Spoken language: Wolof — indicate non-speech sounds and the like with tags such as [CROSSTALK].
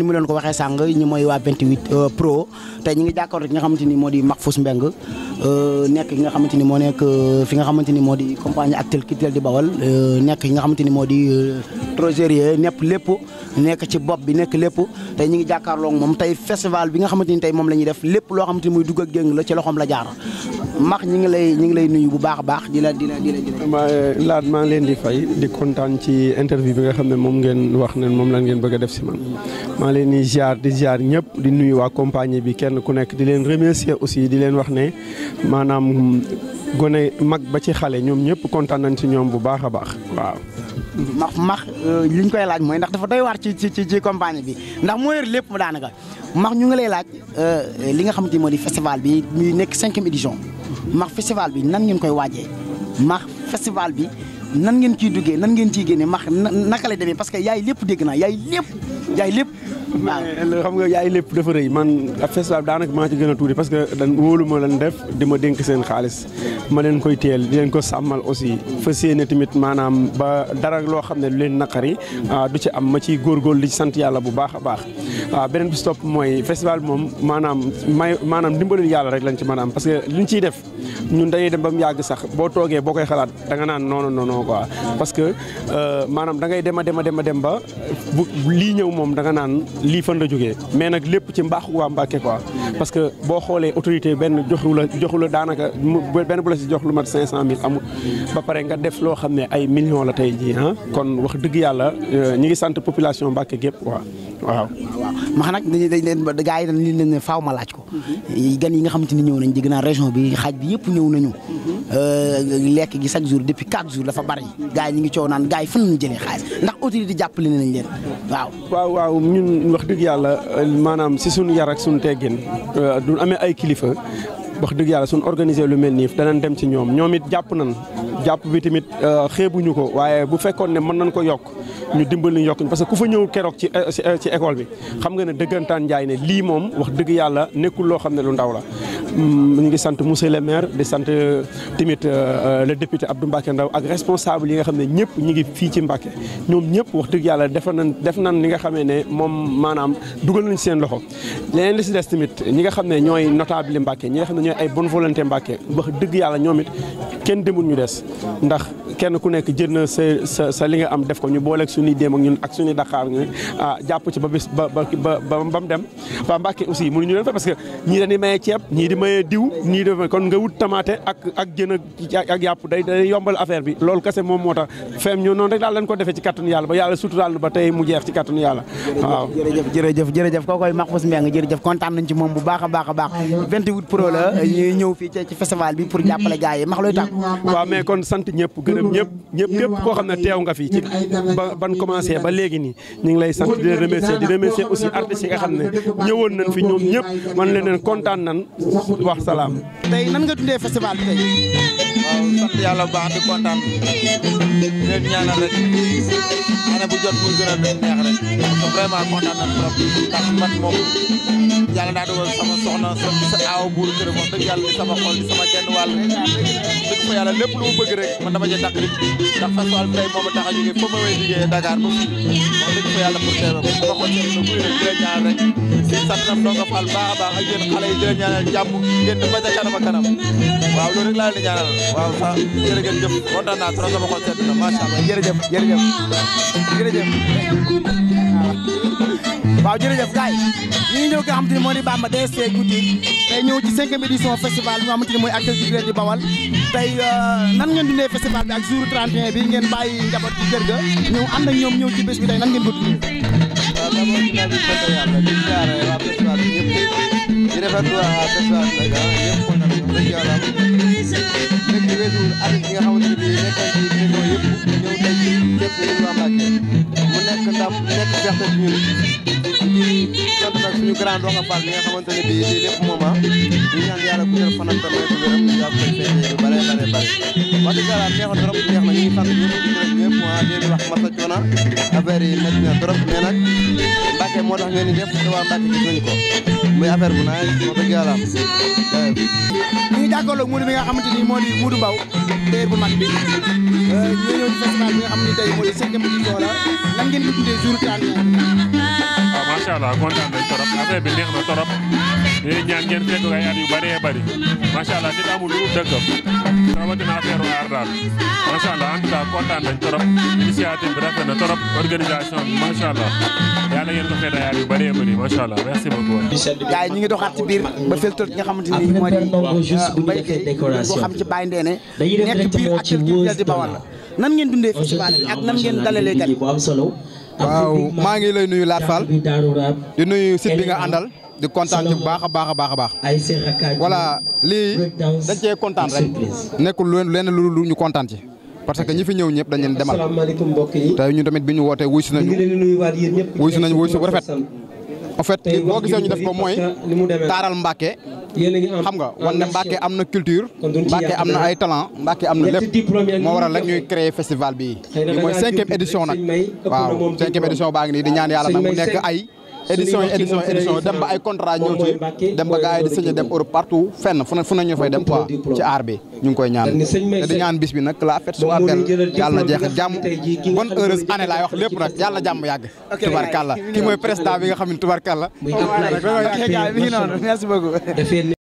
ni mu leen ko waxee sàng ñi mooy waa 28 euh, pro te ñi ngi jàkkaarloo ki nga xamante ni moo di Mahfouss Mbengue euh, nekk ki nga xamante ni moo nekk euh, fi nga xamante ni moo di compagnie Actel Kitel di Bawol nekk ki nga xamante ni moo di trésorier nepp lépp nekk ci bopp bi nekk lépp tey ñi ngi jàkkaarloo moom tey festival bi nga xamante ni tey moom la ñuy def lépp loo xamante ni muy dugg ak la ci loxoom la jaar max ñi ngi lay ñi ngi lay nuyu bu baax a baax di la di laat maa ngi leen di fay di kontaan ci interview bi nga xam ne moom ngeen wax ne moom la ngeen bëgg a def si man maa leen di ziar di ziar ñëpp di nuyu waa compagnie bi kenn ku nekk di leen remercier aussi di leen wax ne maanaam gone mag ba ci xale ñoom ñëpp kontaan nañ ci ñoom bu baax a baax waaw. max max euh, li ñu koy laaj mooy ndax dafa doy waar ci ci ci compagnie bi ndax moo yor lépp mu daanaka max ñu ngi lay laaj euh, li nga xam ni moo di festival bi muy nekk cinquième édition max festival bi nan ngeen koy waajee max festival bi. nan ngeen ciy duggee nan ngeen ciy génne max naka lay demee parce que yaay lépp dégg naa yaay lépp yaay lépp waaw [LAUGHS] xam nga yaay lépp dafa rëy man ak festival daanaka maa ci gën a tuuti parce que dan wóolu ma lan def di ma denk seen xaalis ma leen koy teel di leen ko sàmmal aussi fas yéene tamit maanaam ba dara loo xam ne lu leen naqari ah, du ci am ma ciy góor di ci sant yàlla bu baax a baax waaw ah, beneen bi stop mooy festival moom maanaam may maanaam dimbalul yàlla rek lañ ci mën a am parce que liñ ciy def ñun dañuy dem ba mu yàgg sax boo toogee boo koy xalaat da nga naan noonu non non parce que euh, maanaam da ngay dem a dem a dem a dem ba lii ñëw moom da nga naan lii fan la jógee mais nag lépp ci mbaaxu waa Mbàkke quoi parce que boo xoolee autorité benn joxu la joxu la daanaka benn bu la si jox lu mat cinq cent mille amul ba pare nga def loo xam ne ay millions la tey jii ah kon wax dëgg yàlla euh, ñi ngi sant population Mbàkke gépp quoi waaw waaw max nag dañ leen gars yi dañ leen ne faaw ma laaj ko mm-hmm. gan yi nga xamante ni ñëw nañ dégg naa région bi xaaj bi yëpp ñëw nañu mm-hmm. Euh, lekk gi chaque jour depuis quatre jour dafa bari gars yi ñu ngi coow naan gars yi fan la ñu jëlee xaalis ndax autorité jàppale nañ leen waaw. waaw waaw ñun wax dëgg yàlla maanaam si suñu yar ak suñu teggin euh, du amee ay kilifa wax dëgg yàlla suñu organiser lu mel nii danañ dem ci ñoom ñoom it jàpp nañ jàpp bi tamit euh, xeebuñu ko waaye bu fekkoon ne mën nañ ko yokk ñu dimbali yokkuñ parce que ku fa ñëw keroog ci euh, euh, ci école bi xam nga ne dëggantaan njaay ne lii moom wax dëgg yàlla nekkul loo xam ne lu ndaw la mm, ñu ngi sant monsieur le maire di sant tamit le député Abdou Mbacke Ndaw ak responsable yi nga xam ne ñëpp ñu ngi fii ci Mbacke ñoom ñëpp wax dëgg yàlla def nañ def nañ li nga xamee ne moom maanaam dugal nañ seen loxo leneen li si des tamit ñi nga xam ne ñooy notable Mbacke ñi nga xam ne ñooy ay bonne volonté Mbacke wax dëgg yàlla ñoom it kenn demul ñu des ndax kenn ku nekk jël na sa sa sa li nga am def ko ñu booleeg suñuy déem ak ñun ak suñuy daqaar ñu ah jàpp ci ba bis ba ba ba mu dem waa Mbàkke aussi mënuñu parce que ñii dañuy maye ceeb ñii di maye diw ñii di kon nga wut tamaate ak jën ak yàpp day day yombal affaire bi loolu kese moom moo tax feem ñu noonu rek daal lañ ko defee ci kattanu yàlla ba yàlla suturaal ba tey mu jeex ci kattanu yàlla waaw jërëjëf jërëjëf jërëjëf kookoy Mahfouss Mbengue jërëjëf kontaan nañ a baax a kon sant ñëpp gërëm ñëpp ñëpp képp koo xam ne teew nga fii ci ba ban commencé ba léegi nii ñu ngi lay sant di leen di remercier aussi artistes yi nga xam ne ñëwoon nañ fi ñoom ñëpp man leen leen kontaan nan wax salaam. tey nan nga dundee festival bi tey. sant yàlla bu baax di kontaan di leen ñaanal rek année bu jot muy gën a doon neex rek parce que vraiment kontaan nañ trop ndax man moom yàlla daa dogal sama soxna sa aaw buuru kër moom dëgg yàlla di sama xol di sama genn wàll dëgg fa yàlla lépp lu mu bëgg rek man dama cee dàq rek ndax fas wàll tey moom a tax a jógee fa ma may liggéeyee Dakar ba moom dëgg fa yàlla pour teewee ko ma ko jël na kuy rek di leen ñaan rek sant na Ndongo Fall baax a baax ak yéen xale yi di leen ñaanal jàmm ngeen di ba ca kanam ak kanam waaw loolu rek laa leen di ñaanal waaw sax jërë ngeen jëf kontaan naa trop sama xol sedd na macha allah jërëjëf waaw jërëjëf gars yi ñu ngi ñëw nga xamante ni moo di Bamba DST guddi tey ñëw ci cinquième édition festival bi nga xamante mooy acteur di Bawal tey euh, nan ngeen dundee festival bi ak jour 31 bi ngeen bàyyi njaboot ci kër ñëw ànd ak ñoom ñëw ci bés tey nan ngeen ko dundee. waaw d' abord dinaa leen sant yàlla di jaare waa festival bi yëpp di rafetlu waa ah, ah, nga xamante grand Roxa Fall bi nga xamante ne bii lii lépp moom ah ñu ñaan yàlla ku ñor fanam tam may ko wéram yaa koy fekkee lu bare bare bare wax dëgg yàlla neexoon trop neex na ñu ngi sant ñëpp di gërëm ñëpp ah leen wax masa coona affaire yi métti di def te di Modou Mbaw téer bu mag bi euh, di cinquième édition la macha allah kontaan nañ torop affaire bi neex na torop yéen ñaan ngeen fekk ay at yu bare bëri macha allah nit amul lu dëkkam rawatina affaire aar daal macha allah en tout cas kontaan nañ torop initiative bi rafet na torop organisation bi macha allah yàlla ngeen ko fekk ay at yu bëree bëri macha allah merci beaucoup. ngi doxaat ci biir ba filtre nga xamante ni moo di ba boo xam ci Baye nan nekk biir ak culture di Bawal la nan ngeen dundee festival waaw maa ngi lay nuyu Laat Fall di nuyu site bi nga àndal di kontaan ci bu baax a baax a baax a baax voilà lii dañ cee kontaan rek nekkul lenn lu lu ñu kontaan ci parce que ñi fi ñëw ñëpp dañ leen demal tey ñu tamit bi ñu wootee wuy si nañu wuy si nañu wuy si bu rafet en fait boo gisee ñu def ko mooy taaral Mbàkke xam nga wan ne Mbacke am na culture Mbacke am na ay talent Mbacke am na lépp moo waral la ñuy créer festival bi mooy cinquième édition nag waaw cinquième édition baa ngi nii di ñaan yàlla nag mu nekk ay édition édition édition dem ba ay contrat ñëw ci dem ba gars yi di dem Europe partout fenn fu ne fu fay dem quoi ci aar bi ñu ngi koy ñaan te di ñaan bis nag la fête soit belle na jeex jàmm bonne heureuse année laay wax lépp nag yàlla jàmm yàgg tubarkalla kii mooy président bi nga xam ne tubarkalla [LAUGHS] mi noonu merci beaucoup